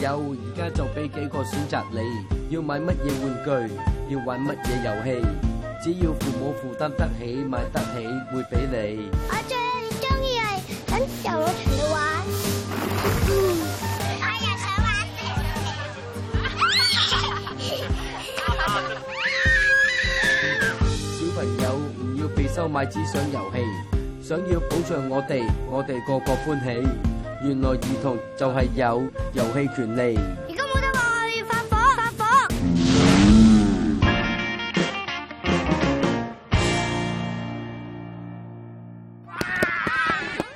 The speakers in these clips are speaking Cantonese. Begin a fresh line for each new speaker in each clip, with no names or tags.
有而家就俾幾個選擇你，要買乜嘢玩具，要玩乜嘢遊戲，只要父母負擔得起，買得起，會俾你。
我最中意係等遊樂場嚟玩。嗯，我又想玩，又想嚟。
小朋友唔要被收買，只想遊戲，想要保障我哋，我哋個個歡喜。原來兒童就係有遊戲權利。如
果冇得玩，我哋要發火！發火！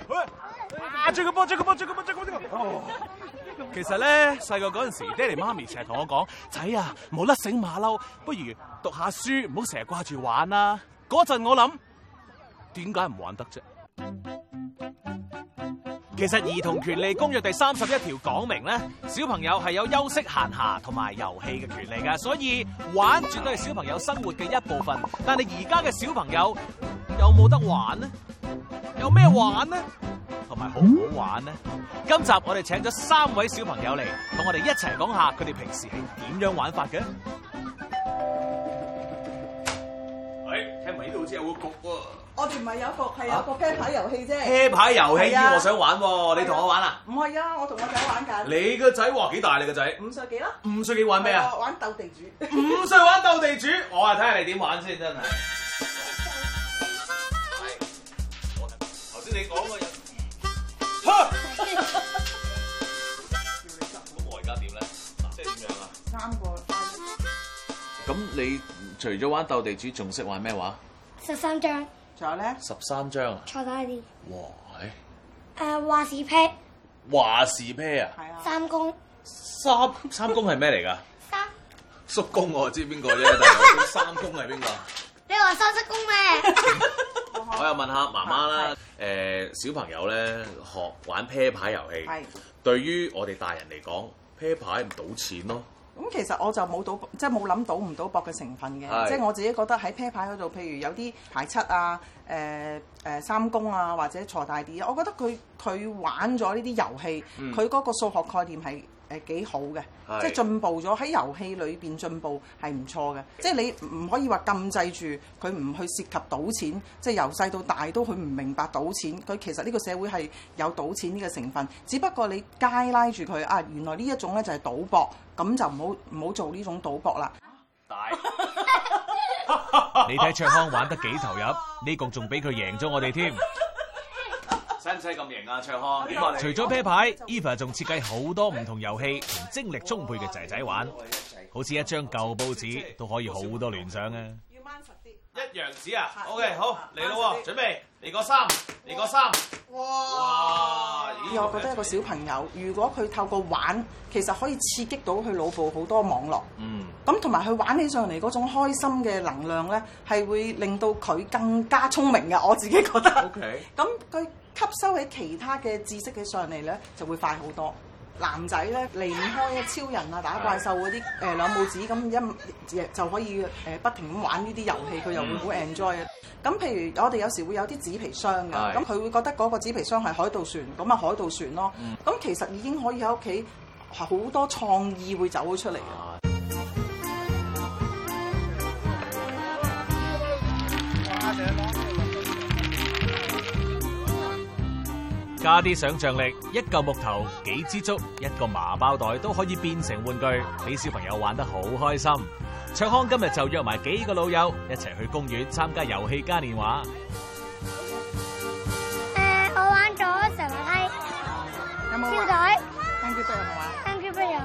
喂、啊！
啊！這、啊、個波！這個波！這個波！這個、啊、
其實
咧呢，細個嗰陣時，爹哋媽咪成日同我講：仔啊，冇甩繩馬騮，不如讀下書，唔好成日掛住玩啦、啊。嗰陣我諗，點解唔玩得啫？其實《兒童權利公約》第三十一條講明咧，小朋友係有休息、閒暇同埋遊戲嘅權利噶，所以玩絕對係小朋友生活嘅一部分。但係而家嘅小朋友有冇得玩咧？有咩玩咧？同埋好唔好玩咧？今集我哋請咗三位小朋友嚟，同我哋一齊講下佢哋平時係點樣玩法嘅。哎，聽聞呢度好似有個局喎。
我哋唔係有一個係有一個啤牌遊戲啫，啤牌遊戲我
想玩喎，你同我玩啊？
唔係啊，我同我仔玩緊。
你個仔哇，幾大你個仔？五歲幾啦？五歲幾玩咩啊？我玩
鬥
地主。五歲玩鬥地主，我啊睇下你點玩先，真係。頭先你講嗰日，吓叫你十外家點咧？
即係
點樣啊？三個，三個，個。咁你除咗玩鬥地主，仲識玩咩話？
十三張。
十三張啊！坐低啲。哇唉！
誒話事啤。
話事啤啊！係啊。
三公。
三公、啊、是 三公係咩嚟㗎？三叔公我知邊個啫，但係三公係邊個？
你話三叔公咩？
我又問下媽媽啦。誒、呃、小朋友咧學玩 pair 牌遊戲，對於我哋大人嚟講，pair 牌唔賭錢咯。
咁其實我就冇賭，即係冇諗到唔賭博嘅成分嘅，即係我自己覺得喺啤牌嗰度，譬如有啲排七啊，誒、呃、誒三公啊，或者鋤大啲，我覺得佢佢玩咗呢啲遊戲，佢嗰個數學概念係誒幾好嘅，即係進步咗，喺遊戲裏邊進步係唔錯嘅。即係你唔可以話禁制住佢唔去涉及賭錢，即係由細到大都佢唔明白賭錢。佢其實呢個社會係有賭錢呢個成分，只不過你街拉住佢啊，原來呢一種咧就係賭博。咁就唔好唔好做呢種賭博啦。大，
你睇卓康玩得幾投入，呢局仲俾佢贏咗我哋添。使唔使咁贏啊，卓康？除咗啤牌，Eva 仲設計好多唔同遊戲同精力充沛嘅仔仔玩，好似一張舊報紙都可以好
多聯想啊。要
掹實啲，一樣紙啊。OK，好嚟咯，準備。嚟個三，
嚟個三，哇,哇,哇！我覺得一個小朋友，如果佢透過玩，其實可以刺激到佢腦部好多網絡。嗯。咁同埋佢玩起上嚟嗰種開心嘅能量咧，係會令到佢更加聰明嘅，我自己覺得。O K。咁佢吸收喺其他嘅知識嘅上嚟咧，就會快好多。男仔咧離唔開超人啊，打怪獸嗰啲誒兩拇指咁一，就可以誒、呃、不停咁玩呢啲遊戲，佢又會好 enjoy 啊。嗯 咁譬如我哋有時會有啲紙皮箱嘅，咁佢會覺得嗰個紙皮箱係海盜船，咁啊，海盜船咯。咁、嗯、其實已經可以喺屋企好多創意會走咗出嚟。
啊、加啲想像力，一嚿木頭、幾支竹、一個麻包袋都可以變成玩具，俾小朋友玩得好開心。卓康今日就約埋幾個老友一齊去公園參加遊戲嘉年華。
誒，我玩咗成日啦。有冇玩？超仔。N G 都有冇玩？N G 都有。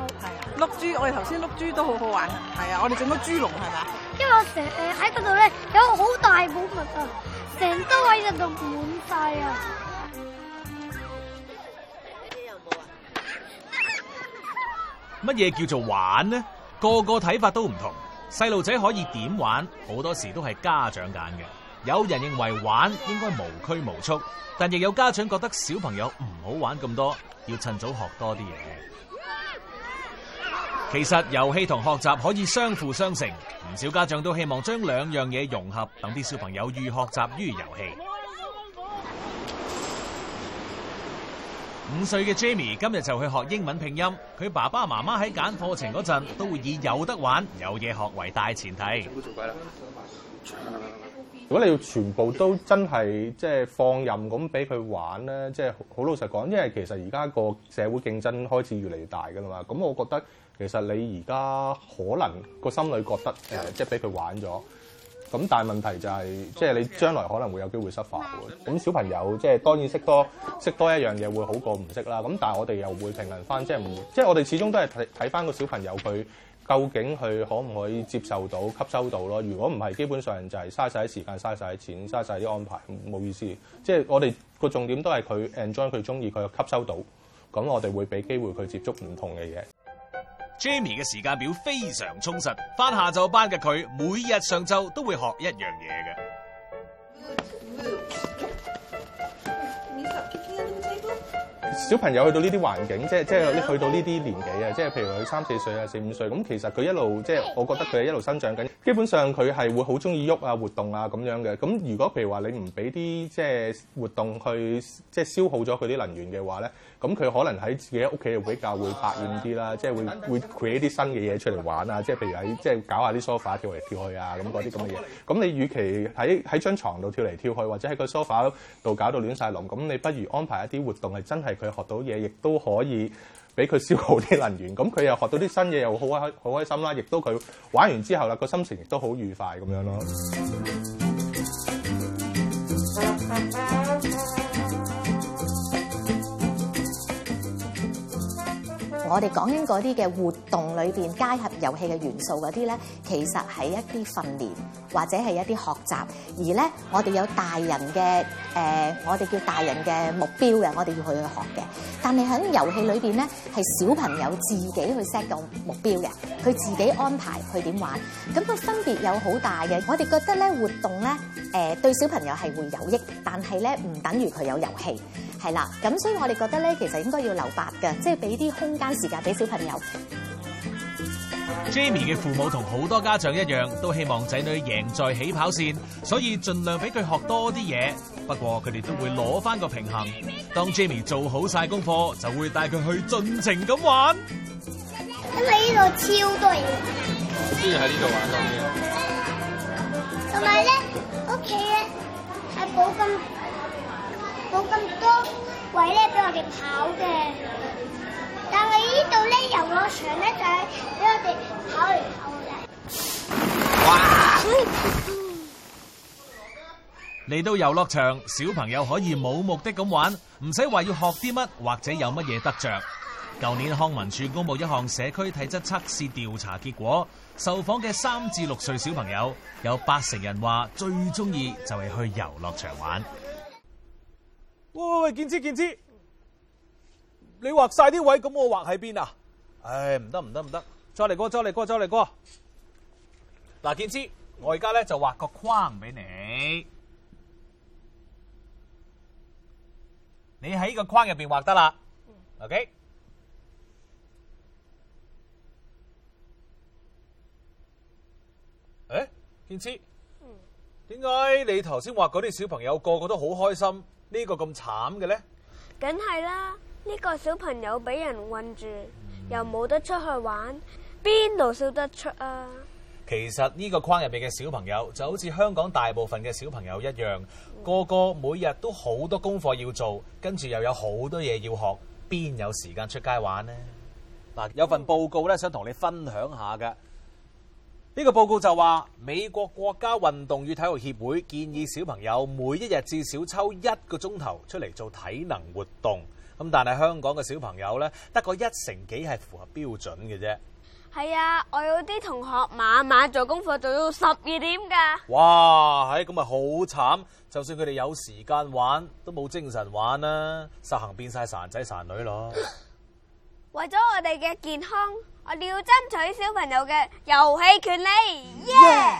碌豬，我哋頭先碌豬都好好玩。係啊，我哋整咗豬籠係咪？
因為我成日喺嗰度咧，有個好大寶物啊，成周圍人都滿晒啊。
乜嘢叫做玩呢？個個睇法都唔同。細路仔可以點玩，好多時都係家長揀嘅。有人認為玩應該無拘無束，但亦有家長覺得小朋友唔好玩咁多，要趁早學多啲嘢。其實遊戲同學習可以相輔相成，唔少家長都希望將兩樣嘢融合，等啲小朋友寓學習於遊戲。五歲嘅 Jamie 今日就去學英文拼音，佢爸爸媽媽喺揀課程嗰陣都會以有得玩、有嘢學為大前提。
如果你要全部都真係即係放任咁俾佢玩咧，即係好老實講，因為其實而家個社會競爭開始越嚟越大噶啦嘛。咁我覺得其實你而家可能個心裏覺得誒，即係俾佢玩咗。咁但問題就係，即係你將來可能會有機會失發喎。咁小朋友即係當然識多識多一樣嘢會好過唔識啦。咁但係我哋又會平衡翻，即係唔即係我哋始終都係睇睇翻個小朋友佢究竟佢可唔可以接受到吸收到咯？如果唔係，基本上就係嘥晒啲時間、嘥晒啲錢、嘥晒啲安排，冇意思。即係我哋個重點都係佢 enjoy 佢中意佢又吸收到，咁我哋會俾機會佢接觸唔同嘅嘢。
Jamie 嘅時間表非常充實，翻下晝班嘅佢，每日上晝都會學一樣嘢嘅。
小朋友去到呢啲環境，即係即係你去到呢啲年紀啊，即係譬如佢三四歲啊、四五歲，咁其實佢一路即係我覺得佢係一路生長緊。基本上佢係會好中意喐啊、活動啊咁樣嘅。咁如果譬如話你唔俾啲即係活動去即係消耗咗佢啲能源嘅話咧，咁佢可能喺自己屋企比較會百厭啲啦，即係會會 create 啲新嘅嘢出嚟玩啊，即係譬如喺即係搞下啲 sofa 跳嚟跳去啊，咁嗰啲咁嘅嘢。咁你與其喺喺張床度跳嚟跳去，或者喺個 sofa 度搞到亂晒龍，咁你不如安排一啲活動係真係佢學到嘢，亦都可以俾佢消耗啲能源。咁佢又學到啲新嘢，又好開好開心啦！亦都佢玩完之後啦，個心情亦都好愉快咁樣咯。
我哋講緊嗰啲嘅活動裏邊，加入遊戲嘅元素嗰啲咧，其實係一啲訓練或者係一啲學習。而咧，我哋有大人嘅誒、呃，我哋叫大人嘅目標嘅，我哋要去學嘅。但係喺遊戲裏邊咧，係小朋友自己去 set 到目標嘅，佢自己安排佢點玩。咁個分別有好大嘅。我哋覺得咧，活動咧誒、呃，對小朋友係會有益，但係咧唔等於佢有遊戲。係啦，咁所以我哋覺得咧，其實應該要留白嘅，即係俾啲空間時間俾小朋友。
Jamie 嘅父母同好多家長一樣，都希望仔女贏在起跑線，所以盡量俾佢學多啲嘢。不過佢哋都會攞翻個平衡，當 Jamie 做好晒功課，就會帶佢去盡情咁玩。
因為呢度超多嘢玩。
先喺呢度玩多嘢
咯。同埋咧，屋企咧係冇咁，寶冇咁多位咧俾我哋跑嘅，但係呢度咧遊樂場咧就係俾我哋跑嚟跑去。哇！
嚟到遊樂場，小朋友可以冇目的咁玩，唔使話要學啲乜或者有乜嘢得着。舊年康文署公布一項社區體質測試調查結果，受訪嘅三至六歲小朋友有八成人話最中意就係去遊樂場玩。喂喂喂，建知建知，你畫晒啲位，咁我畫喺邊啊？唉、哎，唔得唔得唔得，再嚟過，再嚟過，再嚟過。嗱，見知，我而家咧就畫個框俾你，你喺個框入邊畫得啦。O K。誒，建知，
嗯
，okay？欸，嗯，點解你頭先畫嗰啲小朋友個個都好開心？這個、這麼慘的呢個咁慘嘅咧，
梗係啦！呢、這個小朋友俾人困住，嗯、又冇得出去玩，邊度笑得出啊？
其實呢個框入面嘅小朋友，就好似香港大部分嘅小朋友一樣，嗯、個個每日都好多功課要做，跟住又有好多嘢要學，邊有時間出街玩呢？嗱、嗯，有份報告咧，想同你分享一下嘅。呢、這個報告就話，美國國家運動與體育協會建議小朋友每一日至少抽一個鐘頭出嚟做體能活動，咁但係香港嘅小朋友呢，得個一成幾係符合標準嘅啫。
係啊，我有啲同學晚晚做功課做到十二點噶。
哇，係咁咪好慘，就算佢哋有時間玩，都冇精神玩啦，實行變晒孱仔孱女咯。
為咗我哋嘅健康，我哋要爭取小朋友嘅遊戲權利。耶，yeah！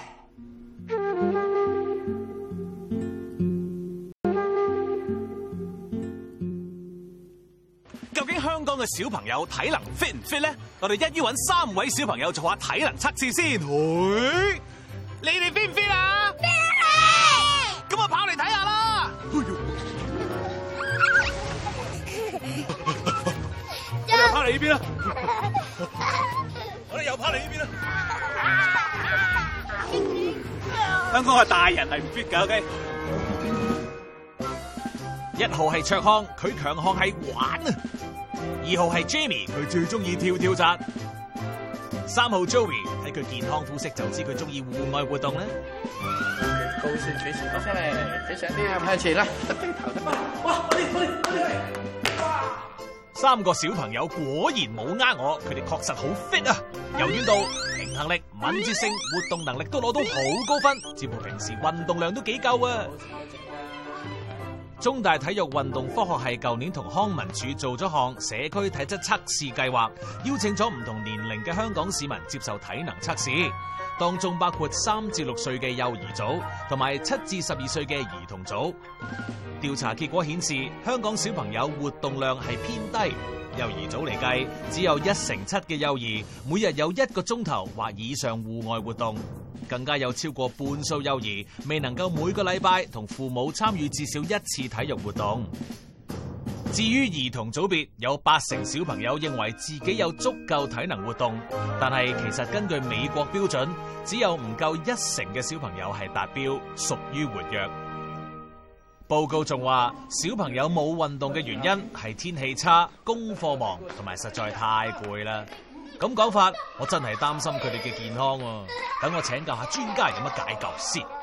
究竟香港嘅小朋友體能 fit 唔 fit 咧？我哋一於搵三位小朋友做下體能測試先。你哋 fit 唔 fit 啊？呢邊啦、
啊，我哋又拍嚟呢邊啦、
啊。香港係大人係唔 fit 噶，O K。一號係卓康，佢強項係玩。二號係 Jamie，佢最中意跳跳紮。三號 Joey，睇佢健康膚色就知佢中意戶外活動咧。
多高士主持，咁先咧，你上啲啊，向前啦，哇，快啲，快啲，快啲嚟！
三個小朋友果然冇呃我，佢哋確實好 fit 啊，柔軟度、平衡力、敏捷性、活動能力都攞到好高分，似乎平時運動量都幾夠啊。中大體育運動科學系舊年同康文署做咗項社區體質測試計劃，邀請咗唔同年。嘅香港市民接受體能測試，當中包括三至六歲嘅幼兒組同埋七至十二歲嘅兒童組。調查結果顯示，香港小朋友活動量係偏低。幼兒組嚟計，只有一成七嘅幼兒每日有一個鐘頭或以上戶外活動，更加有超過半數幼兒未能夠每個禮拜同父母參與至少一次體育活動。至於兒童組別，有八成小朋友認為自己有足夠體能活動，但係其實根據美國標準，只有唔夠一成嘅小朋友係達標，屬於活躍。報告仲話，小朋友冇運動嘅原因係天氣差、功課忙同埋實在太攰啦。咁講法，我真係擔心佢哋嘅健康。等我請教下專家有乜解救先。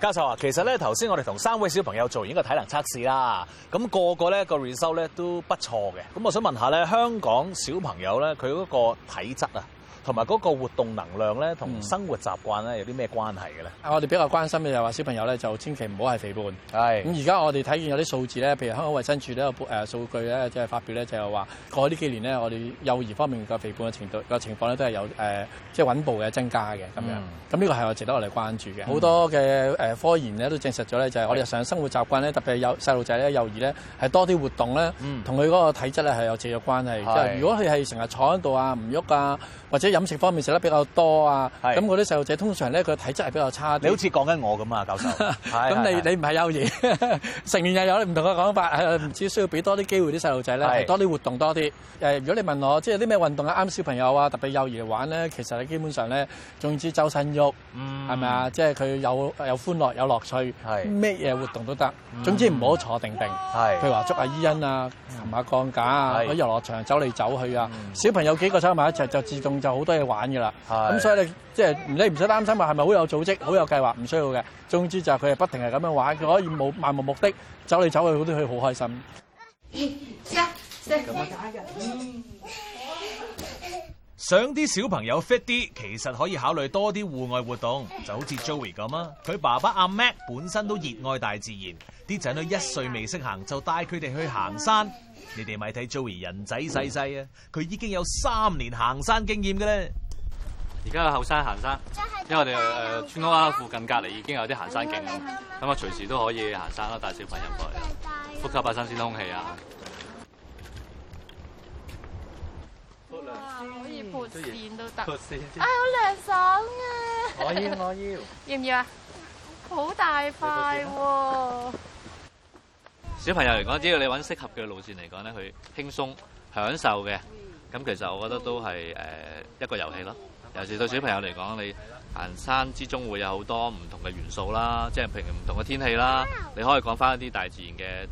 教授啊，其實呢頭先我哋同三位小朋友做完一個體能測試啦，咁、那個個呢個 result 呢都不錯嘅，咁我想問下呢香港小朋友呢，佢嗰個體質啊，同埋嗰個活動能量咧，同生活習慣咧，有啲咩關係嘅
咧、嗯？我哋比較關心嘅就係話小朋友咧，就千祈唔好係肥胖。係。咁而家我哋睇見有啲數字咧，譬如香港衛生署呢有誒數據咧，即係發表咧，就係話過去呢幾年咧，我哋幼兒方面嘅肥胖嘅程度嘅情況咧，都係有誒即係穩步嘅增加嘅咁樣。咁、嗯、呢個係我值得我哋關注嘅。好、嗯、多嘅誒科研咧都證實咗咧，就係我哋日常生活習慣咧，特別係幼細路仔咧、幼兒咧，係多啲活動咧，同佢嗰個體質咧係有直接關係。係。即係、如果佢係成日坐喺度啊，唔喐啊，或者，飲食方面食得比較多啊，咁嗰啲細路仔通常咧佢體質係比較差啲。你好似講緊我咁啊，教授。係。 咁你你唔係幼兒， 成年又有唔同嘅講法，唔 只需要俾多啲機會啲細路仔咧，多啲活動多啲。誒如果你問我即係啲咩運動啊啱小朋友啊，特別幼兒玩咧，其實你基本上咧，總之周身喐，係咪啊？即係佢有有歡樂有樂趣，係咩嘢活動都得，總之唔好坐定定。係、嗯、譬如話捉阿伊欣啊，擒下鋼架啊，喺遊樂場走嚟走去啊，嗯、小朋友幾個湊埋一齊就自動就好。都係玩噶啦，嗯，咁所以你即係唔使唔使擔心話係咪好有組織、好有計劃，唔需要嘅。總之就係佢係不停係咁樣玩，佢可以冇漫無目的走嚟走去，嗰啲佢好開心。
想啲小朋友 fit 啲，其實可以考慮多啲戶外活動，就好似 Joey 咁啊。佢爸爸阿 Mac 本身都熱愛大自然，啲仔女一歲未識行就帶佢哋去行山。你哋咪睇 Joey 人仔細細啊，佢已經有三年行山經驗嘅咧。而家後山行山，因為我哋誒
村口啊附近隔籬已經有啲行山徑啦，咁啊隨時都可以行山啦，帶小朋友入去，呼吸下新鮮空氣啊。好
可以撥線都得，啊好涼爽啊！我要我要， 要唔要啊？好大塊喎！
小朋友嚟講，只要你揾適合嘅路線嚟講咧，佢輕鬆享受嘅。咁其實我覺得都係誒一個遊戲咯。尤其對小朋友嚟講，你行山之中會有好多唔同嘅元素啦，即係譬如唔同嘅天氣啦，你可以講翻一啲大自然嘅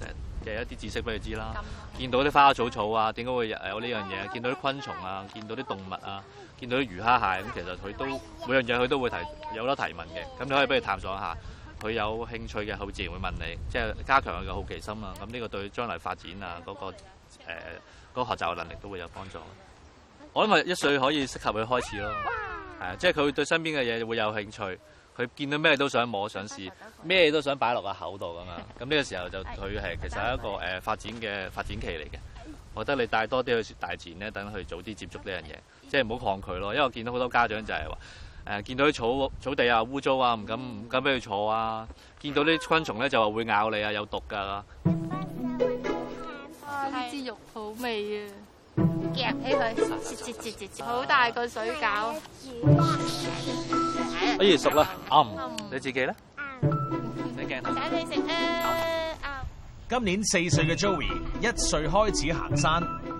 嘅一啲知識俾佢知啦。見到啲花花草草啊，點解會有呢樣嘢？見到啲昆蟲啊，見到啲動物啊，見到啲魚蝦蟹咁，其實佢都每樣嘢佢都會提有得提問嘅。咁你可以俾佢探索一下。佢有興趣嘅，佢自然會問你，即係加強佢嘅好奇心啊！咁呢個對將來發展啊，嗰、嗰個誒嗰、呃嗰個、學習嘅能力都會有幫助。我諗係一歲可以適合佢開始咯，係啊，即係佢對身邊嘅嘢會有興趣，佢見到咩都想摸想試，咩都想擺落個口度㗎嘛。咁呢個時候就佢係其實係一個誒發展嘅發展期嚟嘅。我覺得你帶多啲去大自然咧，等佢早啲接觸呢樣嘢，即係唔好抗拒咯。因為我見到好多家長就係、係、話。誒見到啲草草地啊污糟啊，唔敢唔敢俾佢坐啊！見到啲昆蟲咧就話會咬你啊，有毒㗎、啊！啲肉好味啊！夾起佢，切切切切切，好大個水餃。不如、嗯、熟啦，
暗、嗯、你自己咧。唔使驚
啦。
今年四歲嘅 Joey，一歲開始行山。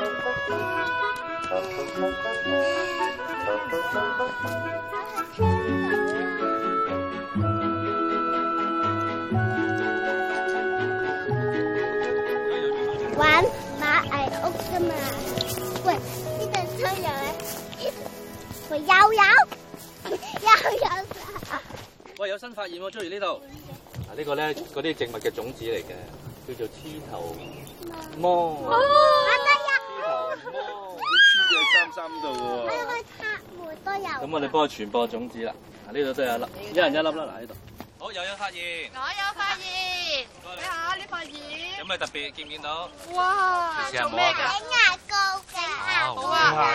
玩馬矮屋特嘛？喂，你在車油呢？我又有，又有喂，有
新發現哦，中意呢度。啊，這個、呢個咧，嗰啲植物嘅種子嚟嘅，叫做黐頭芒。
啊心度喎，
我有個插門都有，咁我哋幫佢傳播種子啦。呢度都有粒，一人一粒啦。嗱，呢度。好，又有發現，
我有發現。你睇下，呢塊葉
有咩特別？見唔見
到？哇，做咩？整牙膏
噶？好啊，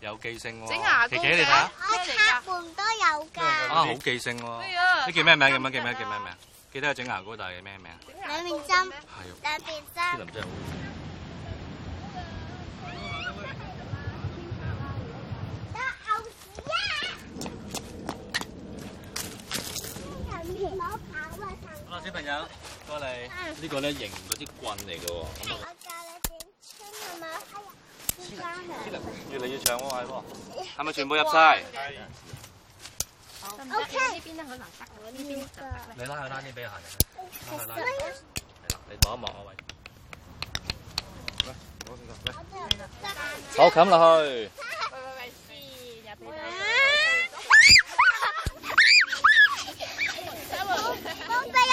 係有記性喎。奇奇你睇下，
我插門都有噶。啊，好
記性喎。你叫咩名？叫咩名？叫咩名？記得係整牙膏，但係叫咩名？兩
面針，兩面針。
好啦，小朋友過嚟，呢個咧型嗰啲棍嚟嘅。我教你點穿個毛，哎呀，越嚟越長喎，係
喎，係咪全部入晒？OK。呢邊
咧好難得嘅，呢邊。你拉佢拉啲俾人。係啦，你望一望我位。好，冚落去。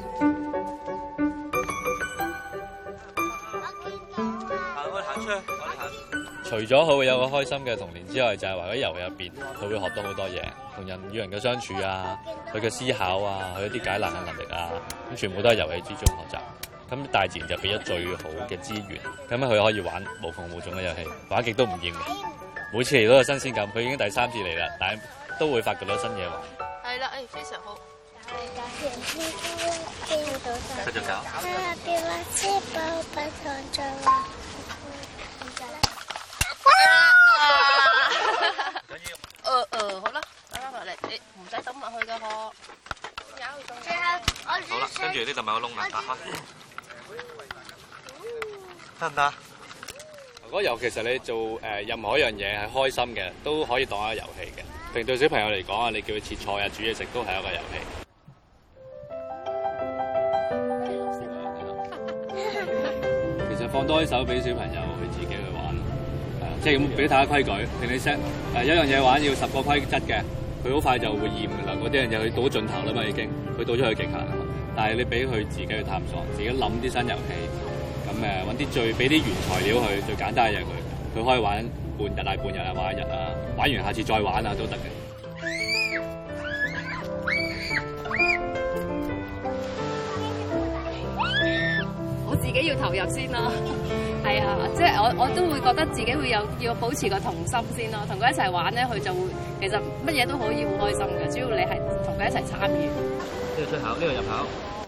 行開，行出嚟，行。除
咗佢會有個開心嘅童年之外，就係話喺遊戲入邊，佢會學到好多嘢，同人與人嘅相處啊，佢嘅思考啊，佢一啲解難嘅能力啊，咁全部都係遊戲之中學習。咁大自然就俾咗最好嘅資源，咁樣佢可以玩無窮無盡嘅遊戲，玩極都唔厭嘅。每次嚟都有新鮮感，佢已經第三次嚟啦，但係都會發覺到新嘢玩。
做
嘅。啊，俾我先，幫我把桶裝落。哇！哈哈哈！緊
要。
呃
呃，好啦，攬埋嚟，你唔使抌埋佢嘅殼。最後，我最最。好啦，
跟住呢度咪個窿眼
打開。得唔得？個遊，其實你做誒任何一樣嘢係開心嘅，都可以當一個遊戲嘅。特別對小朋友嚟講啊，你叫佢切菜啊、煮嘢食都係一個遊戲。多一手俾小朋友佢自己去玩，啊、即係咁俾大家看看規矩，令你 set 誒有一樣嘢玩要十個規則嘅，佢好快就會厭嘅啦。嗰啲樣嘢。佢到盡頭啦嘛，已經佢到咗去極限。但係你俾佢自己去探索，自己諗啲新遊戲，咁誒揾啲最俾啲原材料去。最簡單嘅嘢佢，佢可以玩半日啊、半日啊、玩一日啊，玩完下次再玩啊都得嘅。
自己要投入先咯，係 啊，即係我我都會覺得自己會有要保持個童
心先咯，同佢一齊玩咧，佢就會其實乜嘢都可以好開心嘅，只要你係同佢一齊參與。呢度出口，呢度入口。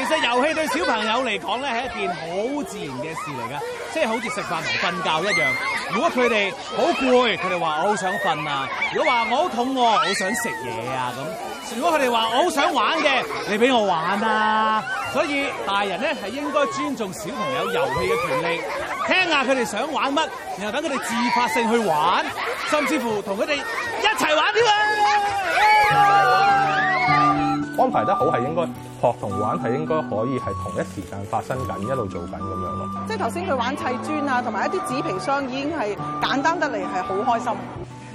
其實遊戲對小
朋友嚟講咧，係一件好自然嘅事嚟噶，即係好似食飯同瞓覺一樣。如果佢哋好攰，佢哋話我好想瞓啊；如果話我好肚餓，我想食嘢啊咁。如果佢哋話我好想玩嘅，你俾我玩啊。所以大人咧係應該尊重小朋友遊戲嘅權利，聽下佢哋想玩乜，然後等佢哋自發性去玩，甚至乎同佢
哋一齊玩添啊！
安排得好係應該，學同玩係應該可以係同一時間發生緊，一路做緊咁樣咯。
即係頭先佢玩砌磚啊，同埋一啲紙皮箱已經係簡單得嚟，係好開心。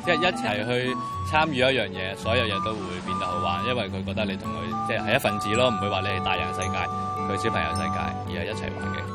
即係一
齊去參與一樣嘢，所有嘢都會變得好玩，因為佢覺得你同佢即係一份子咯，唔會話你係大人世界，佢小朋友世界，而係一齊玩嘅。